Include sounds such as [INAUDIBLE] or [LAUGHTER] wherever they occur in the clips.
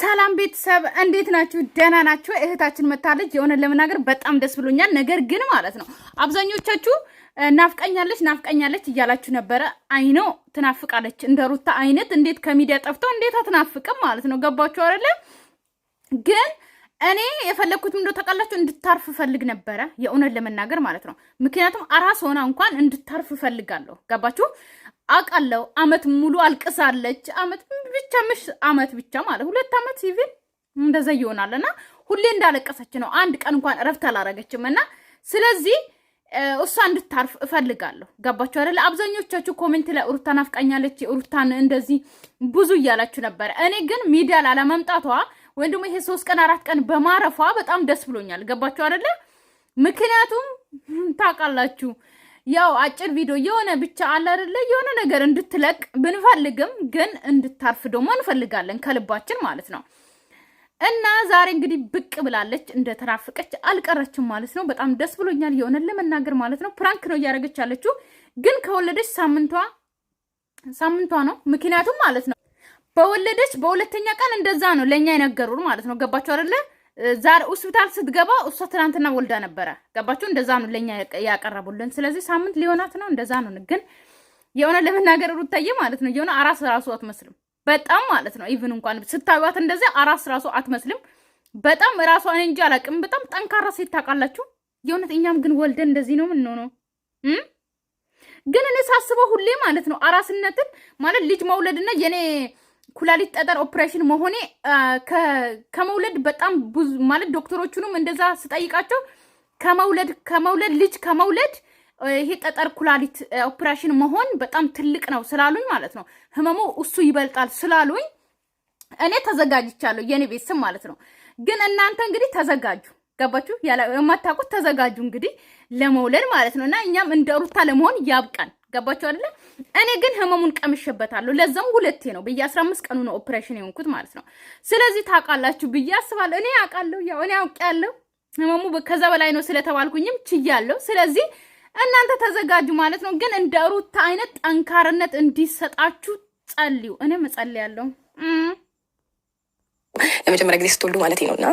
ሰላም ቤተሰብ እንዴት ናችሁ? ደህና ናችሁ? እህታችን መታለች። የሆነ ለመናገር በጣም ደስ ብሎኛል። ነገር ግን ማለት ነው አብዛኞቻችሁ ናፍቀኛለች ናፍቀኛለች እያላችሁ ነበረ። አይኖ ትናፍቃለች። እንደ ሩታ አይነት እንዴት ከሚዲያ ጠፍተው እንዴት አትናፍቅም ማለት ነው። ገባችሁ አይደለ? ግን እኔ የፈለግኩት ምንደ ተቃላችሁ እንድታርፍ ፈልግ ነበረ፣ የእውነት ለመናገር ማለት ነው። ምክንያቱም አራስ ሆና እንኳን እንድታርፍ እፈልጋለሁ። ገባችሁ አውቃለሁ። አመት ሙሉ አልቅሳለች። አመት ብቻ ምሽ አመት ብቻ ማለት ሁለት አመት ሲቪል እንደዛ ይሆናል። እና ሁሌ እንዳለቀሰች ነው። አንድ ቀን እንኳን እረፍት አላረገችም። እና ስለዚህ እሷ እንድታርፍ እፈልጋለሁ። ገባችሁ አይደለ? አብዛኞቻችሁ ኮሜንት ላይ ሩታ ናፍቃኛለች፣ ሩታን እንደዚህ ብዙ እያላችሁ ነበረ። እኔ ግን ሚዲያ ላይ አለመምጣቷ ወይም ደግሞ ይሄ ሶስት ቀን አራት ቀን በማረፏ በጣም ደስ ብሎኛል። ገባችሁ አይደለ? ምክንያቱም ታውቃላችሁ ያው አጭር ቪዲዮ የሆነ ብቻ አለ አይደለ የሆነ ነገር እንድትለቅ ብንፈልግም ግን እንድታርፍ ደግሞ እንፈልጋለን ከልባችን ማለት ነው። እና ዛሬ እንግዲህ ብቅ ብላለች፣ እንደተራፈቀች አልቀረችም ማለት ነው። በጣም ደስ ብሎኛል፣ የሆነ ለመናገር ማለት ነው። ፕራንክ ነው እያደረገች ያለችው፣ ግን ከወለደች ሳምንቷ ሳምንቷ ነው። ምክንያቱም ማለት ነው በወለደች በሁለተኛ ቀን እንደዛ ነው ለእኛ የነገሩን ማለት ነው። ገባቸው አይደለ ዛሬ ሆስፒታል ስትገባ እሷ ትናንትና ወልዳ ነበረ። ገባችሁ? እንደዛ ነው ለኛ ያቀረቡልን። ስለዚህ ሳምንት ሊሆናት ነው። እንደዛ ነው። ግን የሆነ ለመናገር ሩታዬ ማለት ነው የሆነ አራስ ራሱ አትመስልም። በጣም ማለት ነው ኢቭን እንኳን ስታዩት እንደዚያ አራስ ራሱ አትመስልም። በጣም ራሷን እንጂ አላውቅም። በጣም ጠንካራ ሴት ታውቃላችሁ። የእውነት እኛም ግን ወልደን እንደዚህ ነው ምን ነው ግን እኔ ሳስበው ሁሌ ማለት ነው አራስነትን ማለት ልጅ መውለድና የኔ ኩላሊት ጠጠር ኦፕሬሽን መሆኔ ከመውለድ በጣም ብዙ ማለት ዶክተሮቹንም እንደዛ ስጠይቃቸው ከመውለድ ከመውለድ ልጅ ከመውለድ ይሄ ጠጠር ኩላሊት ኦፕሬሽን መሆን በጣም ትልቅ ነው ስላሉኝ ማለት ነው ህመሙ እሱ ይበልጣል ስላሉኝ እኔ ተዘጋጅቻለሁ የኔ ቤት ስም ማለት ነው። ግን እናንተ እንግዲህ ተዘጋጁ፣ ገባችሁ? የማታውቁት ተዘጋጁ እንግዲህ ለመውለድ ማለት ነው እና እኛም እንደ ሩታ ለመሆን ያብቃን። ገባችሁ አይደለም? እኔ ግን ህመሙን ቀምሼበታለሁ። ለዛም ሁለቴ ነው በየ አስራ አምስት ቀኑ ነው ኦፕሬሽን የሆንኩት ማለት ነው። ስለዚህ ታውቃላችሁ ብዬ አስባለሁ። እኔ አውቃለሁ፣ ያው እኔ አውቄያለሁ። ህመሙ ከዛ በላይ ነው ስለተባልኩኝም ችያለሁ። ስለዚህ እናንተ ተዘጋጁ ማለት ነው። ግን እንደ ሩታ አይነት ጠንካርነት እንዲሰጣችሁ ጸልዩ። እኔም እጸልያለሁ። ለመጀመሪያ ጊዜ ስትወልዱ ማለት ነው እና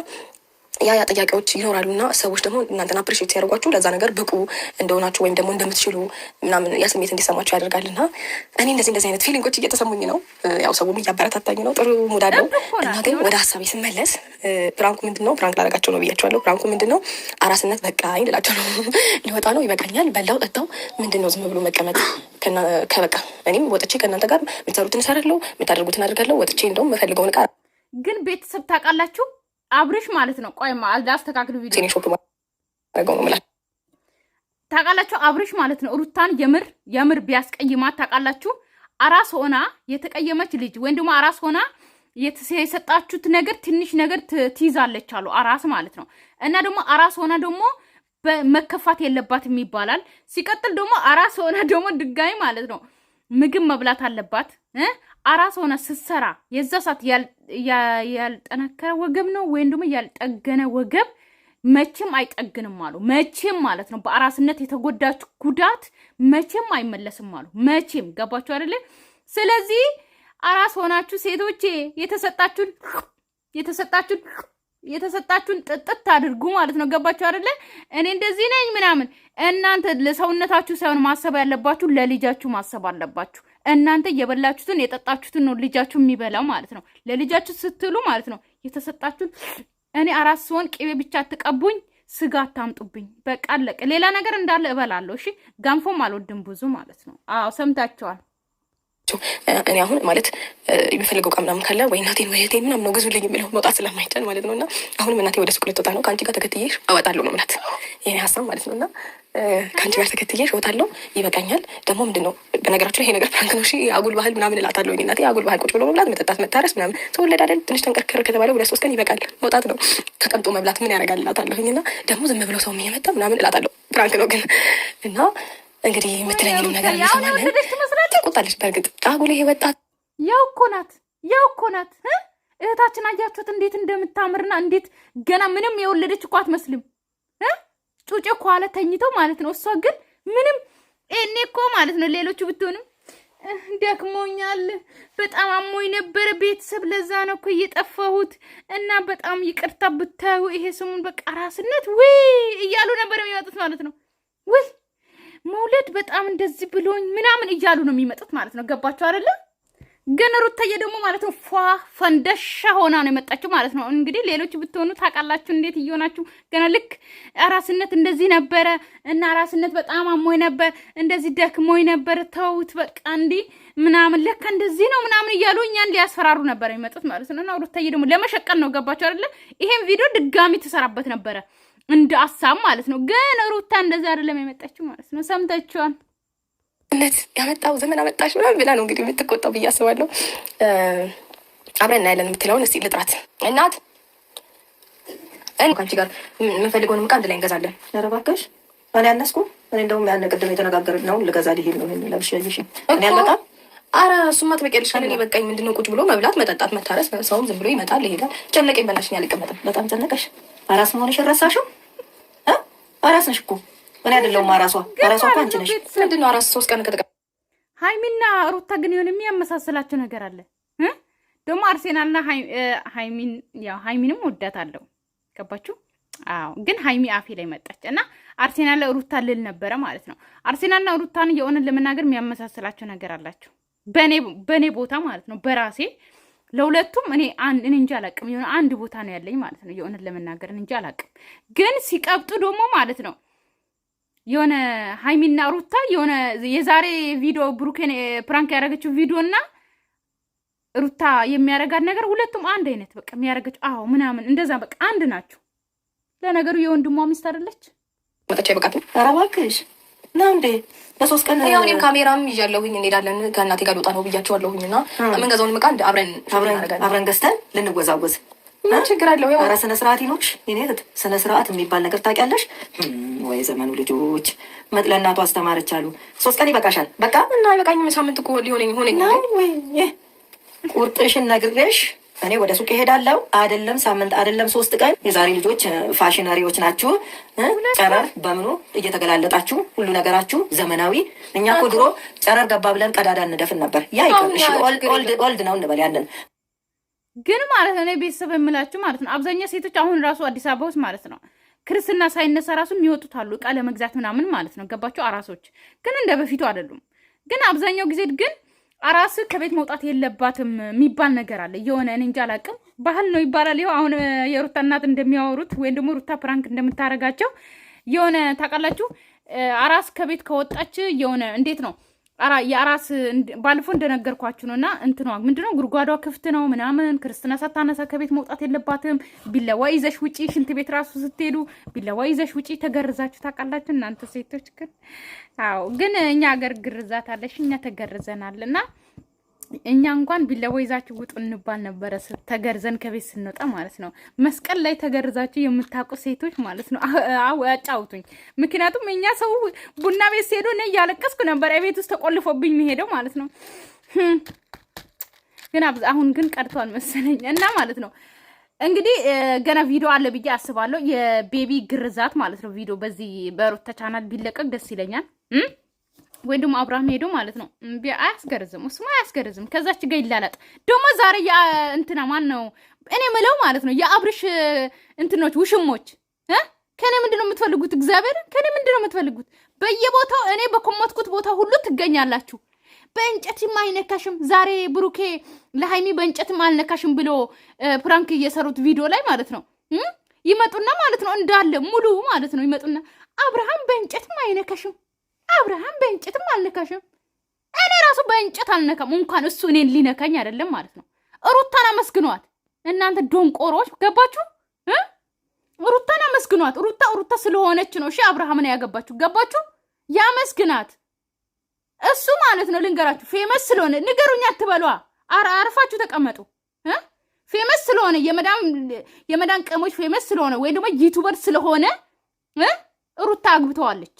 ያ ያ ጥያቄዎች ይኖራሉ እና ሰዎች ደግሞ እናንተን አፕሪሼት ሲያደርጓችሁ ለዛ ነገር ብቁ እንደሆናችሁ ወይም ደግሞ እንደምትችሉ ምናምን ያ ስሜት እንዲሰማችሁ ያደርጋል። እና እኔ እንደዚህ እንደዚህ አይነት ፊሊንጎች እየተሰሙኝ ነው። ያው ሰውም እያበረታታኝ ነው። ጥሩ ሙድ አለው እና ግን ወደ ሀሳቤ ስመለስ ፕራንኩ ምንድን ነው? ፕራንክ ላደርጋቸው ነው ብያቸዋለሁ። ፕራንኩ ምንድን ነው? አራስነት በቃ ይንላቸው ነው። ሊወጣ ነው፣ ይበቃኛል፣ በላው ጠጣው፣ ምንድን ነው ዝም ብሎ መቀመጥ ከበቃ እኔም ወጥቼ ከእናንተ ጋር የምትሰሩትን እሰራለሁ፣ የምታደርጉትን አድርጋለሁ። ወጥቼ እንደውም የምፈልገውን እቃ ግን ቤተሰብ ታውቃላችሁ አብርሽ ማለት ነው። ቆይማ ላስተካክል ቪዲዮ ታውቃላችሁ። አብርሽ ማለት ነው ሩታን የምር የምር ቢያስቀይማት ታውቃላችሁ። አራስ ሆና የተቀየመች ልጅ ወይም ደግሞ አራስ ሆና የሰጣችሁት ነገር ትንሽ ነገር ትይዛለች አሉ አራስ ማለት ነው። እና ደግሞ አራስ ሆና ደግሞ መከፋት የለባትም ይባላል። ሲቀጥል ደግሞ አራስ ሆና ደግሞ ድጋሚ ማለት ነው ምግብ መብላት አለባት አራስ ሆነ ስትሰራ የዛ ሰዓት ያልጠነከረ ወገብ ነው ወይም ደግሞ ያልጠገነ ወገብ መቼም አይጠግንም አሉ። መቼም ማለት ነው በአራስነት የተጎዳች ጉዳት መቼም አይመለስም አሉ። መቼም ገባችሁ አይደለ? ስለዚህ አራስ ሆናችሁ ሴቶቼ የተሰጣችሁን የተሰጣችሁን የተሰጣችሁን ጥጥት አድርጉ ማለት ነው። ገባችሁ አይደለ? እኔ እንደዚህ ነኝ ምናምን። እናንተ ለሰውነታችሁ ሳይሆን ማሰብ ያለባችሁ ለልጃችሁ ማሰብ አለባችሁ። እናንተ የበላችሁትን የጠጣችሁትን ነው ልጃችሁ የሚበላው ማለት ነው። ለልጃችሁ ስትሉ ማለት ነው የተሰጣችሁን። እኔ አራት ስሆን ቅቤ ብቻ አትቀቡኝ፣ ስጋ አታምጡብኝ። በቃ አለቀ። ሌላ ነገር እንዳለ እበላለሁ። እሺ፣ ገንፎም አልወድም ብዙ ማለት ነው። አዎ ሰምታችኋል። እኔ አሁን ማለት የሚፈልገው እቃ ምናምን ካለ ወይ እናቴን ወይ እህቴን ምናምን ነው ግዙልኝ የሚለው መውጣት ስለማይቻል ማለት ነው። እና አሁንም እናቴ ወደ ሱቅ ልትወጣ ነው፣ ከአንቺ ጋር ተከትዬሽ አወጣለሁ ነው ምናት የኔ ሀሳብ ማለት ነው እና ከአንቺ ጋር ተከትዬሽ እወጣለሁ፣ ይበቃኛል። ደግሞ ምንድን ነው በነገራችን ላይ ይሄ ነገር ፕራንክ ነው አጉል ባህል ምናምን እላታለሁ። እናቴ አጉል ባህል ቁጭ ብሎ መብላት፣ መጠጣት፣ መታረስ ምናምን ሰው ወለድ አይደል? ትንሽ ተንቀርክር ከተባለ ሁለት ሶስት ቀን ይበቃል፣ መውጣት ነው። ተቀምጦ መብላት ምን ያደርጋል እላታለሁኝ። እና ደግሞ ዝም ብለው ሰው እየመጣ ምናምን እላታለሁ። ፕራንክ ነው ግን እና እንግዲህ የምትለኝንም ነገር ትቆጣለች። በእርግጥ አጉል ይሄ ወጣት ያው እኮ ናት፣ ያው እኮ ናት እህታችን። አያችሁት እንዴት እንደምታምርና እንዴት ገና ምንም የወለደች እኮ አትመስልም። እኮ ከኋላ ተኝተው ማለት ነው። እሷ ግን ምንም እኔ እኮ ማለት ነው ሌሎቹ ብትሆንም ደክሞኛል፣ በጣም አሞኝ ነበረ ቤተሰብ፣ ለዛ ነው እኮ እየጠፋሁት እና በጣም ይቅርታ ብታዩ ይሄ ስሙን በቃ ራስነት ውይ እያሉ ነበር የሚመጡት ማለት ነው። ወይ መውለድ በጣም እንደዚህ ብሎኝ ምናምን እያሉ ነው የሚመጡት ማለት ነው። ገባቸው አይደለም? ግን ሩታዬ ደግሞ ማለት ነው ፏ ፈንደሻ ሆና ነው የመጣችው ማለት ነው። እንግዲህ ሌሎች ብትሆኑ ታውቃላችሁ እንዴት እየሆናችሁ ገና ልክ አራስነት እንደዚህ ነበረ እና አራስነት በጣም አሞኝ ነበር፣ እንደዚህ ደክሞኝ ነበር፣ ተውት በቃ እንዲ ምናምን ለካ እንደዚህ ነው ምናምን እያሉ እኛን ሊያስፈራሩ ነበር የሚመጡት ማለት ነው። እና ሩታዬ ደግሞ ለመሸቀል ነው ገባችሁ አይደለ? ይሄን ቪዲዮ ድጋሚ ትሰራበት ነበረ እንደ አሳብ ማለት ነው። ግን ሩታ እንደዚህ አይደለም የመጣችው ማለት ነው። ሰምታችኋል። እነት ያመጣው ዘመን አመጣሽ ምናምን ብላ ነው እንግዲህ የምትቆጣው ብዬ አስባለሁ። አብረን እናያለን የምትለውን እስኪ ልጥራት። እናት ከአንቺ ጋር የምንፈልገውን ዕቃ አንድ ላይ እንገዛለን። ኧረ እባክሽ እኔ አነስኩ። እኔ እንደውም ያን ቅድም የተነጋገርን ነው ልገዛ ሊሄድ ነው ለብሽ ልሽ እኔ አልመጣም። አረ እሱማ ትበቂያለሽ በቃኝ። ምንድነው ቁጭ ብሎ መብላት፣ መጠጣት፣ መታረስ። ሰውም ዝም ብሎ ይመጣል ይሄዳል። ጨነቀኝ በላሽ። እኔ አልቀመጥም። በጣም ጨነቀሽ። አራስ መሆንሽ ረሳሽው? አራስ ነሽ እኮ እኔ አይደለሁም አራሷ አራሷ እኮ አንቺ ነሽ። ምንድን ነው አራስ ሶስት ቀን ከተቀ- ሀይሚና ሩታ ግን የሆነ የሚያመሳስላቸው ነገር አለ። ደግሞ አርሴናልና ሀይሚን ያው ሀይሚንም ወዳታለሁ ገባችሁ? አዎ ግን ሀይሚ አፌ ላይ መጣች እና አርሴናል ሩታ ልል ነበረ ማለት ነው። አርሴናልና ሩታን የሆነን ለመናገር የሚያመሳስላቸው ነገር አላቸው። በእኔ ቦታ ማለት ነው በራሴ ለሁለቱም እኔ እኔ እንጂ አላቅም የሆነ አንድ ቦታ ነው ያለኝ ማለት ነው። የእውነት ለመናገር እንጂ አላቅም። ግን ሲቀብጡ ደግሞ ማለት ነው የሆነ ሀይሚና ሩታ የሆነ የዛሬ ቪዲዮ ብሩኬን ፕራንክ ያደረገችው ቪዲዮ እና ሩታ የሚያረጋት ነገር ሁለቱም አንድ አይነት በቃ የሚያረገችው አዎ ምናምን እንደዛ በቃ አንድ ናቸው። ለነገሩ የወንድሟ ሚስት አይደለች ወጣቻ በቃ እባክሽ ና እንዴ በሶስት ቀን ያው እኔም ካሜራም ይዣለሁኝ እንሄዳለን። ከእናቴ ጋር ልወጣ ነው ብያቸዋለሁኝ እና የምንገዛውን ዕቃ አብረን አብረን ገዝተን ልንወዛወዝ ምን ችግር አለው? ኧረ ስነ ስርዓት ይኖርሽ የኔ ስነ ስርዓት የሚባል ነገር ታውቂያለሽ ወይ? ዘመኑ ልጆች መጥለናቱ አስተማረች አሉ። ሶስት ቀን ይበቃሻል። በቃ እና አይበቃኝም። ሳምንት እኮ ሊሆነኝ ሆነኝ። ቁርጥሽን ነግሬሽ እኔ ወደ ሱቅ ይሄዳለው። አይደለም ሳምንት፣ አይደለም ሶስት ቀን። የዛሬ ልጆች ፋሽነሪዎች ናችሁ። ጨረር በምኑ እየተገላለጣችሁ ሁሉ ነገራችሁ ዘመናዊ። እኛ እኮ ድሮ ጨረር ገባ ብለን ቀዳዳ እንደፍን ነበር። ያ ይቀር። ኦልድ ነው እንበል ያለን ግን ማለት ነው ቤተሰብ የምላችሁ ማለት ነው አብዛኛው ሴቶች አሁን ራሱ አዲስ አበባ ውስጥ ማለት ነው ክርስትና ሳይነሳ ራሱ የሚወጡት አሉ እቃ ለመግዛት ምናምን ማለት ነው ገባቸው። አራሶች ግን እንደ በፊቱ አይደሉም። ግን አብዛኛው ጊዜ ግን አራስ ከቤት መውጣት የለባትም የሚባል ነገር አለ። የሆነ እኔ እንጃ አላቅም ባህል ነው ይባላል። ይኸው አሁን የሩታ እናት እንደሚያወሩት ወይም ደግሞ ሩታ ፕራንክ እንደምታረጋቸው የሆነ ታውቃላችሁ፣ አራስ ከቤት ከወጣች የሆነ እንዴት ነው የአራስ ባልፎ እንደነገርኳችሁ ነው። እና እንትኗ ምንድነው ጉድጓዷ ክፍት ነው ምናምን ክርስትና ሳታነሳ ከቤት መውጣት የለባትም። ቢለዋ ይዘሽ ውጪ፣ ሽንት ቤት ራሱ ስትሄዱ ቢለዋ ይዘሽ ውጪ። ተገርዛችሁ ታውቃላችሁ እናንተ ሴቶች ግን? አዎ ግን እኛ ሀገር ግርዛት አለሽ፣ እኛ ተገርዘናል እና እኛ እንኳን ቢላዋ ይዛችሁ ውጡ እንባል ነበረ፣ ተገርዘን ከቤት ስንወጣ ማለት ነው። መስቀል ላይ ተገርዛችሁ የምታውቁ ሴቶች ማለት ነው አጫውቱኝ። ምክንያቱም እኛ ሰው ቡና ቤት ሲሄዱ እኔ እያለቀስኩ ነበር፣ ቤት ውስጥ ተቆልፎብኝ መሄደው ማለት ነው። ግን አሁን ግን ቀርቷል መሰለኝ እና ማለት ነው እንግዲህ ገና ቪዲዮ አለ ብዬ አስባለሁ። የቤቢ ግርዛት ማለት ነው ቪዲዮ በዚህ በሩታ ቻናል ቢለቀቅ ደስ ይለኛል። ወይም ደግሞ አብርሃም ሄዶ ማለት ነው። አያስገርዝም፣ እሱማ አያስገርዝም። ከዛች ጋ ይላላጥ ደግሞ ዛሬ ያ እንትና ማን ነው እኔ ምለው ማለት ነው የአብርሽ እንትኖች ውሽሞች ከእኔ ምንድን ነው የምትፈልጉት? እግዚአብሔር ከእኔ ምንድን ነው የምትፈልጉት? በየቦታው እኔ በኮመትኩት ቦታ ሁሉ ትገኛላችሁ። በእንጨትም አይነካሽም። ዛሬ ብሩኬ ለሀይሚ በእንጨትም አልነካሽም ብሎ ፕራንክ እየሰሩት ቪዲዮ ላይ ማለት ነው ይመጡና ማለት ነው እንዳለ ሙሉ ማለት ነው ይመጡና አብርሃም በእንጨትም አይነካሽም አብርሃም በእንጨትም አልነካሽም። እኔ ራሱ በእንጨት አልነካም። እንኳን እሱ እኔን ሊነካኝ አይደለም ማለት ነው። ሩታን አመስግኗት እናንተ ዶንቆሮች፣ ገባችሁ? ሩታን አመስግኗት። ሩታ ሩታ ስለሆነች ነው እሺ አብርሃምን ያገባችሁ፣ ገባችሁ? ያመስግናት እሱ ማለት ነው። ልንገራችሁ፣ ፌመስ ስለሆነ ንገሩኛ አትበሏ። አርፋችሁ ተቀመጡ። ፌመስ ስለሆነ የመዳን ቀሞች ፌመስ ስለሆነ ወይም ደግሞ ዩቱበር ስለሆነ ሩታ አግብተዋለች።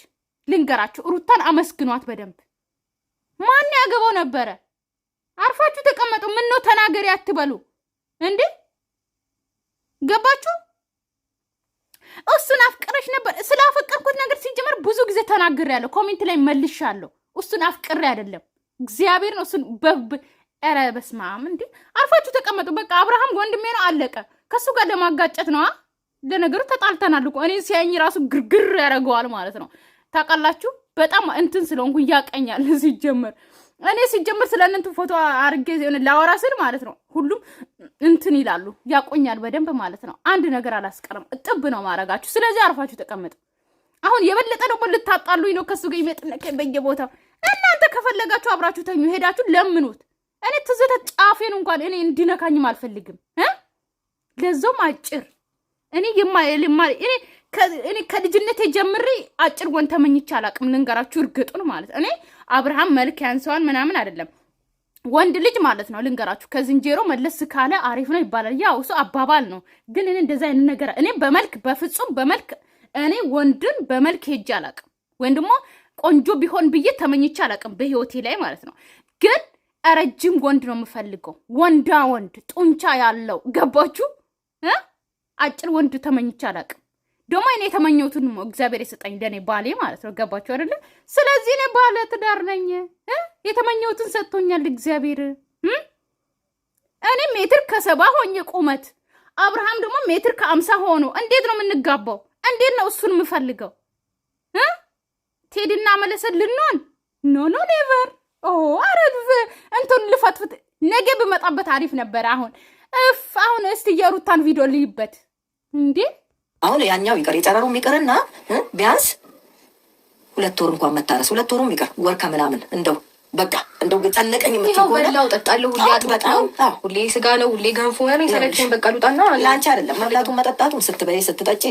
ልንገራችሁ፣ ሩታን አመስግኗት በደንብ ማን ያገባው ነበረ። አርፋችሁ ተቀመጡ። ነው ተናገሪ አትበሉ እንዴ? ገባችሁ? እሱን አፍቅረሽ ነበር። ስላፈቀርኩት ነገር ሲጀመር ብዙ ጊዜ ያለው ኮሜንት ላይ መልሻለሁ። እሱን አፍቅሬ አይደለም እግዚአብሔርን እሱን በብ ኧረ በስመ አብ እንዴ! አርፋችሁ ተቀመጡ። በቃ አብርሃም ወንድሜ ነው፣ አለቀ። ከእሱ ጋር ለማጋጨት ነዋ። ለነገሩ ተጣልተናል እኮ እኔ ሲያኝ ራሱ ግርግር ያደርገዋል ማለት ነው። ታውቃላችሁ። በጣም እንትን ስለሆንኩ ያቀኛል [LAUGHS] ሲጀመር እኔ ሲጀምር ስለ እንትን ፎቶ አርጌ ላወራ ስል ማለት ነው፣ ሁሉም እንትን ይላሉ ያቆኛል በደንብ ማለት ነው። አንድ ነገር አላስቀርም፣ ጥብ ነው ማረጋችሁ። ስለዚህ አርፋችሁ ተቀመጡ። አሁን የበለጠ ደግሞ ልታጣሉኝ ነው ከሱ ጋር ይመጥነከ በየቦታው። እናንተ ከፈለጋችሁ አብራችሁ ተኙ፣ ሄዳችሁ ለምኑት። እኔ ትዝተ ጫፌን እንኳን እኔ እንዲነካኝም አልፈልግም። ለዛውም አጭር እኔ እኔ ከልጅነት ጀምሬ አጭር ወንድ ተመኝቼ አላቅም። ልንገራችሁ እርግጡን ማለት እኔ አብርሃም መልክ ያንሰዋን ምናምን አይደለም ወንድ ልጅ ማለት ነው። ልንገራችሁ ከዝንጀሮ መለስ ካለ አሪፍ ነው ይባላል። ያው እሱ አባባል ነው፣ ግን እኔ እንደዛ አይነት ነገር እኔ በመልክ በፍጹም በመልክ እኔ ወንድን በመልክ ሄጅ አላቅም፣ ወይም ደግሞ ቆንጆ ቢሆን ብዬ ተመኝቼ አላቅም በህይወቴ ላይ ማለት ነው። ግን ረጅም ወንድ ነው የምፈልገው፣ ወንዳ ወንድ ጡንቻ ያለው ገባችሁ። አጭር ወንድ ተመኝቼ አላቅም ደግሞ እኔ የተመኘሁትን እግዚአብሔር የሰጠኝ ለእኔ ባሌ ማለት ነው። ገባችሁ አይደለ? ስለዚህ እኔ ባለ ትዳር ነኝ። የተመኘሁትን ሰጥቶኛል እግዚአብሔር። እኔ ሜትር ከሰባ ሆኜ ቁመት፣ አብርሃም ደግሞ ሜትር ከአምሳ ሆኖ እንዴት ነው የምንጋባው? እንዴት ነው እሱን የምፈልገው? ቴድና መለሰን ልንሆን ኖ ኖ ኔቨር። አረ እንትን ልፈትፍት ነገ ብመጣበት አሪፍ ነበረ። አሁን እፍ አሁን እስቲ የሩታን ቪዲዮ ልይበት እንዴ አሁን ያኛው ይቀር የጨረሩ የሚቀርና ቢያንስ ሁለት ወር እንኳን መታረስ ሁለት ወሩ የሚቀር ወር ከምናምን እንደው በቃ እንደው ጨነቀኝ የምትበላው ጠጣለሁ ሁሌ አጥበጣም ሁሌ ስጋ ነው ሁሌ ገንፎ ነው የሰለቸኝ። በቃ ሉጣና ለአንቺ አይደለም መብላቱም መጠጣቱም ስትበይ ስትጠጪ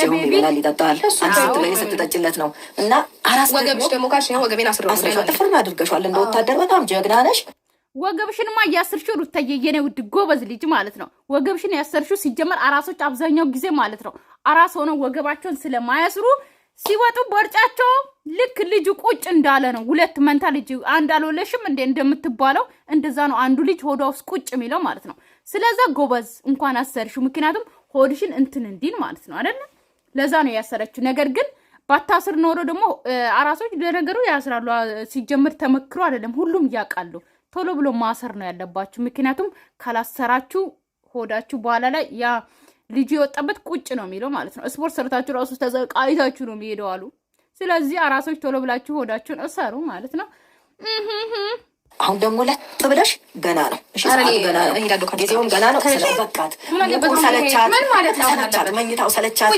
ጀሙ ይበላል ይጠጣል። አንቺ ስትበይ ስትጠጪለት ነው እና አራስ ወገብሽ ደግሞ ካሽ ወገቤን አስረ ጥፍርን አድርገሻል እንደ ወታደር በጣም ጀግና ነሽ። ወገብሽንማ እያሰርሽው ሩታዬ፣ የኔ ውድ ጎበዝ ልጅ ማለት ነው። ወገብሽን ያሰርሽው ሲጀመር አራሶች አብዛኛው ጊዜ ማለት ነው አራስ ሆነው ወገባቸውን ስለማያስሩ ሲወጡ በርጫቸው ልክ ልጁ ቁጭ እንዳለ ነው። ሁለት መንታ ልጅ አንድ አልወለሽም እንዴ እንደምትባለው እንደዛ ነው። አንዱ ልጅ ሆዷ ውስጥ ቁጭ የሚለው ማለት ነው። ስለዛ ጎበዝ እንኳን አሰርሽው፣ ምክንያቱም ሆድሽን እንትን እንዲን ማለት ነው አይደለ? ለዛ ነው ያሰረችው። ነገር ግን ባታስር ኖሮ ደግሞ አራሶች ለነገሩ ያስራሉ። ሲጀምር ተመክሮ አይደለም ሁሉም እያውቃሉ። ቶሎ ብሎ ማሰር ነው ያለባችሁ። ምክንያቱም ካላሰራችሁ ሆዳችሁ በኋላ ላይ ያ ልጁ የወጣበት ቁጭ ነው የሚለው ማለት ነው። ስፖርት ሰርታችሁ ራሱ ተዘቃይታችሁ ነው የሚሄደው አሉ። ስለዚህ አራሶች ቶሎ ብላችሁ ሆዳችሁን እሰሩ ማለት ነው። አሁን ደግሞ ለጥ ብለሽ ገና ነው ጊዜውም ገና ነው። ስለበቃት ሰለቻት፣ መኝታው ሰለቻት።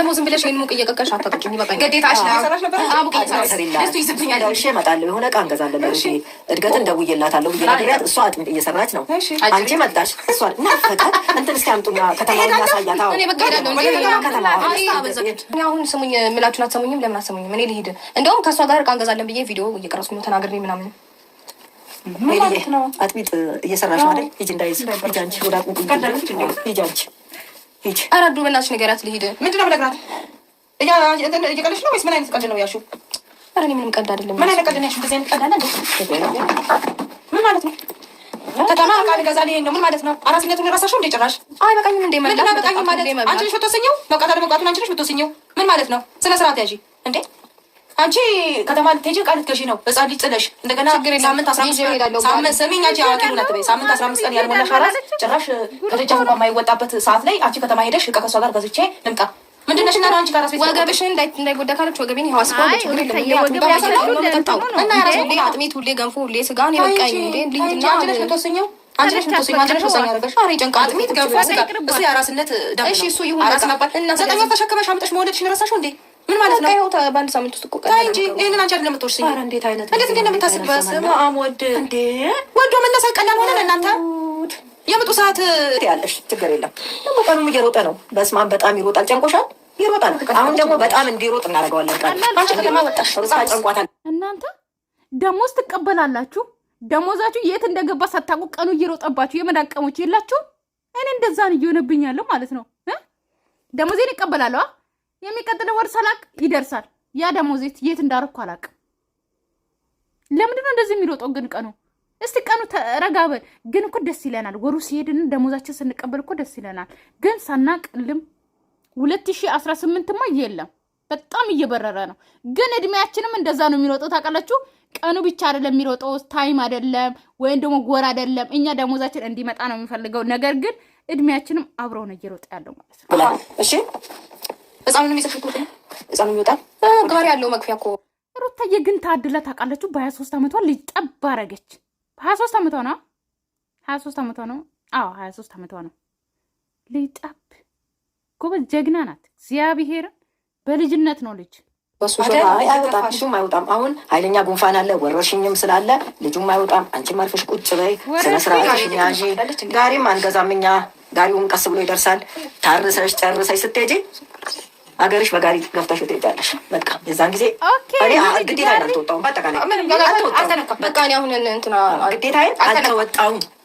ደግሞ ዝም ብለሽ ሙቅ እየቀቀሽ እመጣለሁ የሆነ ዕቃ እንገዛለን እድገትን ደውዬላታለሁ ብዬ ነግሬያት እሷ አጥሚት እየሰራች ነው። አንቺ መጣሽ እሷ ናፈቃት እንትን እስኪ አምጡ ከተማ ያሳያት። አሁን ስሙኝ የምላችሁን አትሰሙኝም። ለምን አትሰሙኝም? እኔ ልሂድ። እንደውም ከእሷ ጋር ዕቃ እንገዛለን ብዬ ቪዲዮ እየቀረጽኩ ነው ተናግሬ ምናምን አጥቢጥ እየሰራሽ ማለት ሂጂ እንዳይዝ ሂጂ አንቺ ወደ ሂጂ አንቺ ሂጂ። ኧረ ዱር በእናትሽ ንገሪያት ልሂድ። ምንድን ነው የምነግራት? እየቀለድሽ ነው ወይስ ምን አይነት ቀልድ ነው ያልሺው? ኧረ እኔ ምንም ቀልድ አይደለም። ምን አይነት ቀልድ ነው ያልሺው? እንደዚህ አይነት ቀልድ ምን ማለት ነው? ከተማ ቃል ገዛ ይሄ ነው ምን ማለት ነው? አራስነቱን ረሳሽው እንዴ ጭራሽ? አይ በቃኝም እንዴ መብላት በቃኝም ማለት አንቺ ነሽ የምትወስኚው መብቃት አለመብቃቱን አንቺ ነሽ የምትወስኚው ምን ማለት ነው? ስነ ስርዓት ያዢ እንዴ አንቺ ከተማ ልትሄጂ ቃል ልትገዢ ነው። በጻድ ልጅ ጥለሽ እንደገና ሳምንት አስራ አምስት ሳምንት ሰሚኝ አንቺ አዋቂ ሁነት በይ። ሳምንት አስራ አምስት ቀን ያልሞላሽ አራት ጭራሽ ከደጃፍ ሁሉ የማይወጣበት ሰዓት ላይ አንቺ ከተማ ሄደሽ እቃ ከእሷ ጋር ገዝቼ ልምጣ ምንድን እና አንቺ ከራስ ቤት ወገብሽን እንዳይጎዳ ካለች ወገቤን ያው አስፋለች እና ያራስ አጥሜት ሁሌ ገንፎ ሁሌ ስጋን የወቃኝ እንዴ ልጅና አንቺ ነሽ የምትወስኘው አንቺ ነሽ የምትወስኘው አንቺ ነሽ ወሳኝ ያደረገሽ። ኧረ ይጨንቃል። አጥሜት ገንፎ ስጋ እሱ የአራስነት ዳብ እሺ እሱ ይሁን አራስ ነበር እና ዘጠኝ ተሸክመሽ መውለድሽን ረሳሽው እንዴ? ምን ማለት ነው? ይኸው በአንድ ሳምንት ውስጥ እኮ ታይ እንጂ ይህንን አንቺ አይደለም የምትወርሺኝ። ኧረ እንዴት አይነት እንዴት እንደምታስብ በስመ አብ ወድ እንዴ ወዶ መነሳት ቀላል ሆነ ለእናንተ የምጡ ሰዓት ያለሽ ችግር የለም። ደግሞ ቀኑም እየሮጠ ነው። በስመ አብ በጣም ይሮጣል። ጨንቆሻል፣ ይሮጣል። አሁን ደግሞ በጣም እንዲሮጥ እናደርገዋለን። እናንተ ደሞዝ ትቀበላላችሁ፣ ደሞዛችሁ የት እንደገባ ሳታውቁ ቀኑ እየሮጠባችሁ የመዳቀሞች የላችሁ። እኔ እንደዛን ነው ማለት ነው። ደሞዜን ይቀበላለዋ የሚቀጥለው ወር ሳላቅ ይደርሳል። ያ ደሞዝ የት አላቅ። አላቅም። ለምንድነው እንደዚህ የሚሮጠው ግን ቀኑ? እስቲ ቀኑ ተረጋበን። ግን እኮ ደስ ይለናል። ወሩ ሲሄድን ደሞዛችን ስንቀበል እኮ ደስ ይለናል። ግን ሳናቅልም ሁለት ሺህ አስራ ስምንትማ የለም በጣም እየበረረ ነው። ግን እድሜያችንም እንደዛ ነው የሚሮጠው ታውቃላችሁ። ቀኑ ብቻ አይደለም የሚሮጠው፣ ታይም አይደለም ወይም ደግሞ ጎር አይደለም። እኛ ደሞዛችን እንዲመጣ ነው የሚፈልገው። ነገር ግን እድሜያችንም አብረው ነው እየሮጠ ያለው ማለት ነው። እሺ ህፃኑንም ይዘሽ ትወጣ ህፃኑም ይወጣል። ጋር ያለው መክፊያ እኮ ሩታዬ ግን ታድላ ታውቃለችሁ። በሀያ ሶስት አመቷ ልጅ ጠብ አረገች። ሀያ ሶስት አመቷ ነው። ሀያ ሶስት አመቷ ነው። አዎ ሀያ ሶስት አመቷ ነው። ልጅ ጠብ ጎበዝ፣ ጀግና ናት። እግዚአብሔርን በልጅነት ነው ልጅ አይወጣም አይወጣም። አሁን ኃይለኛ ጉንፋን አለ ወረርሽኝም ስላለ ልጁም አይወጣም። አንቺ አርፈሽ ቁጭ በይ፣ ስነ ስርዓትሽን ያዢ። ጋሪም አንገዛም እኛ፣ ጋሪውን ቀስ ብሎ ይደርሳል። ታርሰሽ ጨርሰሽ ስትሄጂ አገርሽ በጋሪ ገፍተሽ ትሄጃለሽ። በቃ የዛን ጊዜ ግዴታ አልተወጣሁም። በአጠቃላይ አልተወጣሁም። በቃ አሁን እንትና ግዴታዬን አልተወጣሁም።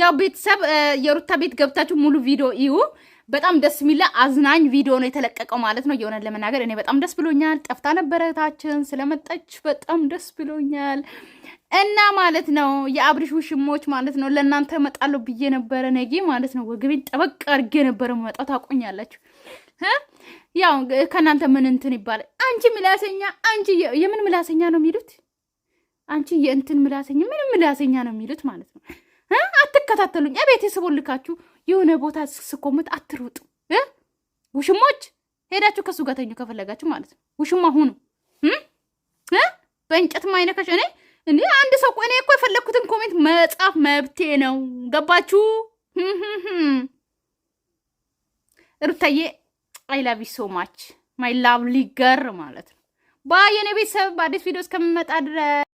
ያው ቤተሰብ የሩታ ቤት ገብታችሁ ሙሉ ቪዲዮ እዩ። በጣም ደስ የሚለ አዝናኝ ቪዲዮ ነው የተለቀቀው ማለት ነው። የሆነ ለመናገር እኔ በጣም ደስ ብሎኛል። ጠፍታ ነበረታችን ስለመጣች በጣም ደስ ብሎኛል እና ማለት ነው የአብሪሽ ውሽሞች ማለት ነው ለእናንተ እመጣለሁ ብዬ ነበረ። ነጌ ማለት ነው ወገቤን ጠበቅ አድርጌ ነበረ መጣው። ታቆኛላችሁ። ያው ከእናንተ ምን እንትን ይባላል። አንቺ ምላሰኛ፣ አንቺ የምን ምላሰኛ ነው የሚሉት። አንቺ የእንትን ምላሰኛ፣ ምንም ምላሰኛ ነው የሚሉት ማለት ነው አትከታተሉኝ። ቤተሰቡ ልካችሁ የሆነ ቦታ ስኮምት አትሩጡ። ውሽሞች ሄዳችሁ ከሱ ጋር ተኙ ከፈለጋችሁ ማለት ነው። ውሽማ ሁኑ። በእንጨት ማይነካሽ እኔ እኔ አንድ ሰው እኔ እኮ የፈለግኩትን ኮሜንት መጻፍ መብቴ ነው። ገባችሁ? ሩታዬ አይላቪ ሶማች ማይ ላቭ ሊገር ማለት ነው። ባየኔ ቤተሰብ በአዲስ ቪዲዮ እስከምመጣ ድረስ